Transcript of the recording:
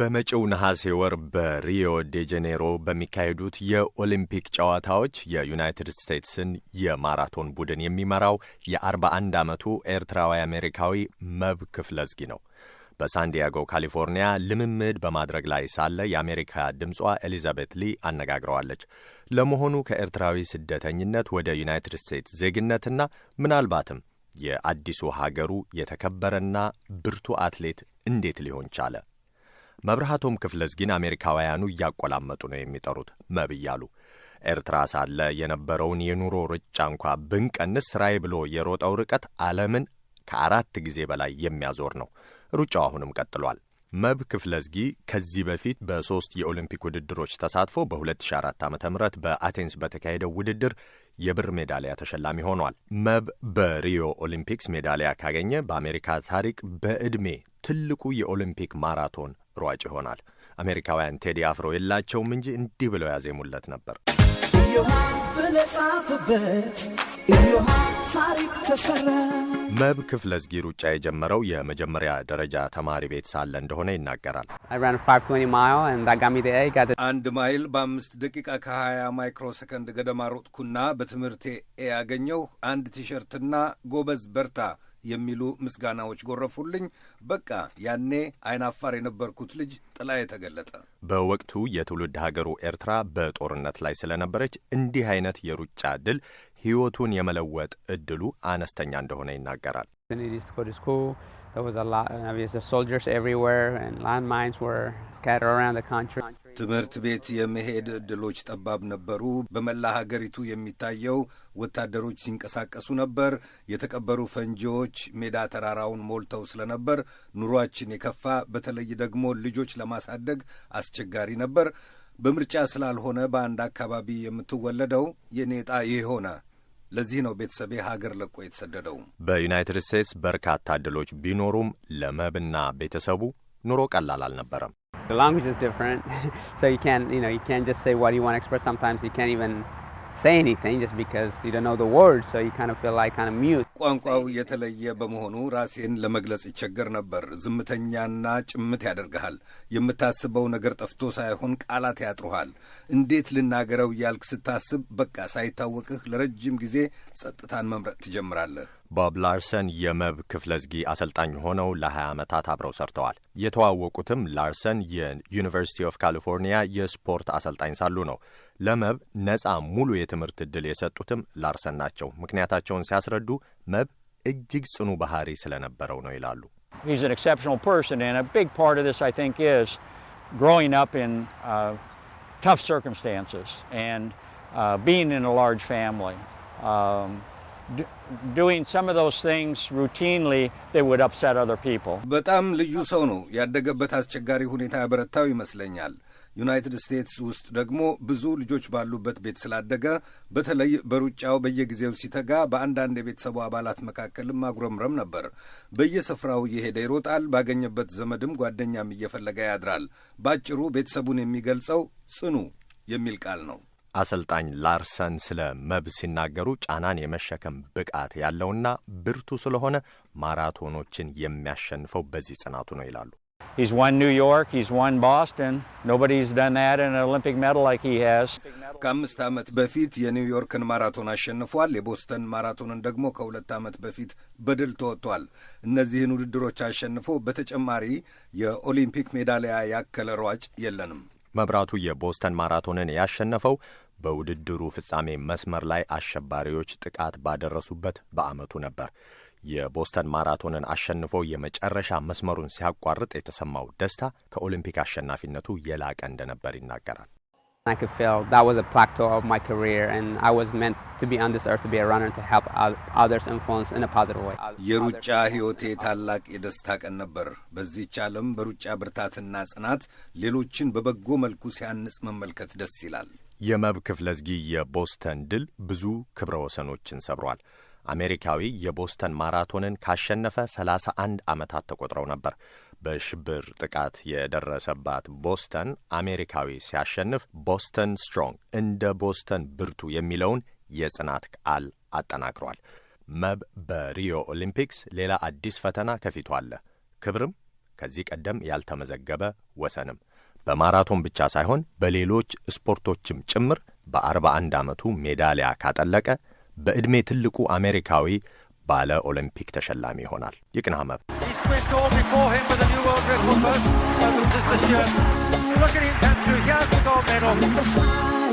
በመጪው ነሐሴ ወር በሪዮ ዴ ጄኔሮ በሚካሄዱት የኦሊምፒክ ጨዋታዎች የዩናይትድ ስቴትስን የማራቶን ቡድን የሚመራው የ41 ዓመቱ ኤርትራዊ አሜሪካዊ መብ ክፍለዝጊ ነው። በሳንዲያጎ ካሊፎርኒያ ልምምድ በማድረግ ላይ ሳለ የአሜሪካ ድምጿ ኤሊዛቤት ሊ አነጋግረዋለች። ለመሆኑ ከኤርትራዊ ስደተኝነት ወደ ዩናይትድ ስቴትስ ዜግነትና ምናልባትም የአዲሱ ሀገሩ የተከበረና ብርቱ አትሌት እንዴት ሊሆን ቻለ? መብርሃቶም ክፍለስ ግን አሜሪካውያኑ እያቆላመጡ ነው የሚጠሩት መብ እያሉ ኤርትራ ሳለ የነበረውን የኑሮ ርጫ እንኳ ብንቀንስ ስራዬ ብሎ የሮጠው ርቀት ዓለምን ከአራት ጊዜ በላይ የሚያዞር ነው። ሩጫው አሁንም ቀጥሏል። መብ ክፍለዝጊ ከዚህ በፊት በሦስት የኦሊምፒክ ውድድሮች ተሳትፎ በ2004 ዓ ም በአቴንስ በተካሄደው ውድድር የብር ሜዳሊያ ተሸላሚ ሆኗል። መብ በሪዮ ኦሊምፒክስ ሜዳሊያ ካገኘ በአሜሪካ ታሪክ በዕድሜ ትልቁ የኦሊምፒክ ማራቶን ሯጭ ይሆናል። አሜሪካውያን ቴዲ አፍሮ የላቸውም እንጂ እንዲህ ብለው ያዜሙለት ነበር። መብ ክፍለ ዝጊ ሩጫ የጀመረው የመጀመሪያ ደረጃ ተማሪ ቤት ሳለ እንደሆነ ይናገራል። አንድ ማይል በአምስት ደቂቃ ከ20 ማይክሮ ሰከንድ ገደማ ሮጥኩና በትምህርቴ ያገኘው አንድ ቲሸርትና ጎበዝ በርታ የሚሉ ምስጋናዎች ጎረፉልኝ። በቃ ያኔ አይናፋር የነበርኩት ልጅ ጥላ የተገለጠ በወቅቱ የትውልድ ሀገሩ ኤርትራ በጦርነት ላይ ስለነበረች እንዲህ አይነት የሩጫ ድል ሕይወቱን የመለወጥ እድሉ አነስተኛ እንደሆነ ይናገራል። ትምህርት ቤት የመሄድ እድሎች ጠባብ ነበሩ። በመላ ሀገሪቱ የሚታየው ወታደሮች ሲንቀሳቀሱ ነበር። የተቀበሩ ፈንጂዎች ሜዳ ተራራውን ሞልተው ስለነበር ኑሯችን የከፋ በተለይ ደግሞ ልጆች ለማሳደግ አስቸጋሪ ነበር። በምርጫ ስላልሆነ በአንድ አካባቢ የምትወለደው የኔጣ ዕጣ ሆነ። ለዚህ ነው ቤተሰቤ ሀገር ለቆ የተሰደደው። በዩናይትድ ስቴትስ በርካታ እድሎች ቢኖሩም ለመብና ቤተሰቡ ኑሮ ቀላል አልነበረም። The language is different, so you can't, you know, you can't just say what you want to express. Sometimes you can't even ቋንቋው የተለየ በመሆኑ ራሴን ለመግለጽ ይቸገር ነበር። ዝምተኛና ጭምት ያደርግሃል። የምታስበው ነገር ጠፍቶ ሳይሆን ቃላት ያጥሩሃል። እንዴት ልናገረው እያልክ ስታስብ በቃ ሳይታወቅህ ለረጅም ጊዜ ጸጥታን መምረጥ ትጀምራለህ። ቦብ ላርሰን የመብ ክፍለ ዝጊ አሰልጣኝ ሆነው ለ20 ዓመታት አብረው ሰርተዋል። የተዋወቁትም ላርሰን የዩኒቨርሲቲ ኦፍ ካሊፎርኒያ የስፖርት አሰልጣኝ ሳሉ ነው። ለመብ ነፃ ሙሉ የትምህርት ዕድል የሰጡትም ላርሰን ናቸው። ምክንያታቸውን ሲያስረዱ መብ እጅግ ጽኑ ባህሪ ስለነበረው ነው ይላሉ። ቶፍ ሲርክምስታንስስ በጣም ልዩ ሰው ነው። ያደገበት አስቸጋሪ ሁኔታ ያበረታው ይመስለኛል። ዩናይትድ ስቴትስ ውስጥ ደግሞ ብዙ ልጆች ባሉበት ቤት ስላደገ በተለይ በሩጫው በየጊዜው ሲተጋ በአንዳንድ የቤተሰቡ አባላት መካከልም አጉረምረም ነበር። በየስፍራው እየሄደ ይሮጣል። ባገኘበት ዘመድም ጓደኛም እየፈለገ ያድራል። ባጭሩ ቤተሰቡን የሚገልጸው ጽኑ የሚል ቃል ነው። አሰልጣኝ ላርሰን ስለ መብ ሲናገሩ ጫናን የመሸከም ብቃት ያለውና ብርቱ ስለሆነ ማራቶኖችን የሚያሸንፈው በዚህ ጽናቱ ነው ይላሉ። ከአምስት ዓመት በፊት የኒውዮርክን ማራቶን አሸንፏል። የቦስተን ማራቶንን ደግሞ ከሁለት ዓመት በፊት በድል ተወጥቷል። እነዚህን ውድድሮች አሸንፎ በተጨማሪ የኦሊምፒክ ሜዳሊያ ያከለ ሯጭ የለንም። መብራቱ የቦስተን ማራቶንን ያሸነፈው በውድድሩ ፍጻሜ መስመር ላይ አሸባሪዎች ጥቃት ባደረሱበት በዓመቱ ነበር። የቦስተን ማራቶንን አሸንፎ የመጨረሻ መስመሩን ሲያቋርጥ የተሰማው ደስታ ከኦሊምፒክ አሸናፊነቱ የላቀ እንደነበር ይናገራል። I could feel that was a plateau of my career and I was meant to be on this earth to be a runner to help others influence in a positive way. የሩጫ ህይወቴ ታላቅ የደስታ ቀን ነበር። በዚህች ዓለም በሩጫ ብርታትና ጽናት ሌሎችን በበጎ መልኩ ሲያንጽ መመልከት ደስ ይላል። የመብ ክፍለ የቦስተን ድል ብዙ ክብረ ወሰኖችን ሰብሯል። አሜሪካዊ የቦስተን ማራቶንን ካሸነፈ 31 ዓመታት ተቆጥረው ነበር። በሽብር ጥቃት የደረሰባት ቦስተን አሜሪካዊ ሲያሸንፍ ቦስተን ስትሮንግ እንደ ቦስተን ብርቱ የሚለውን የጽናት ቃል አጠናክሯል። መብ በሪዮ ኦሊምፒክስ ሌላ አዲስ ፈተና ከፊቱ አለ። ክብርም ከዚህ ቀደም ያልተመዘገበ ወሰንም በማራቶን ብቻ ሳይሆን በሌሎች ስፖርቶችም ጭምር በ41 ዓመቱ ሜዳሊያ ካጠለቀ በዕድሜ ትልቁ አሜሪካዊ ባለ ኦሎምፒክ ተሸላሚ ይሆናል። ይቅናህ Osprey scored before him with a new world record both opens this year. Look at him come through. He has the gold medal.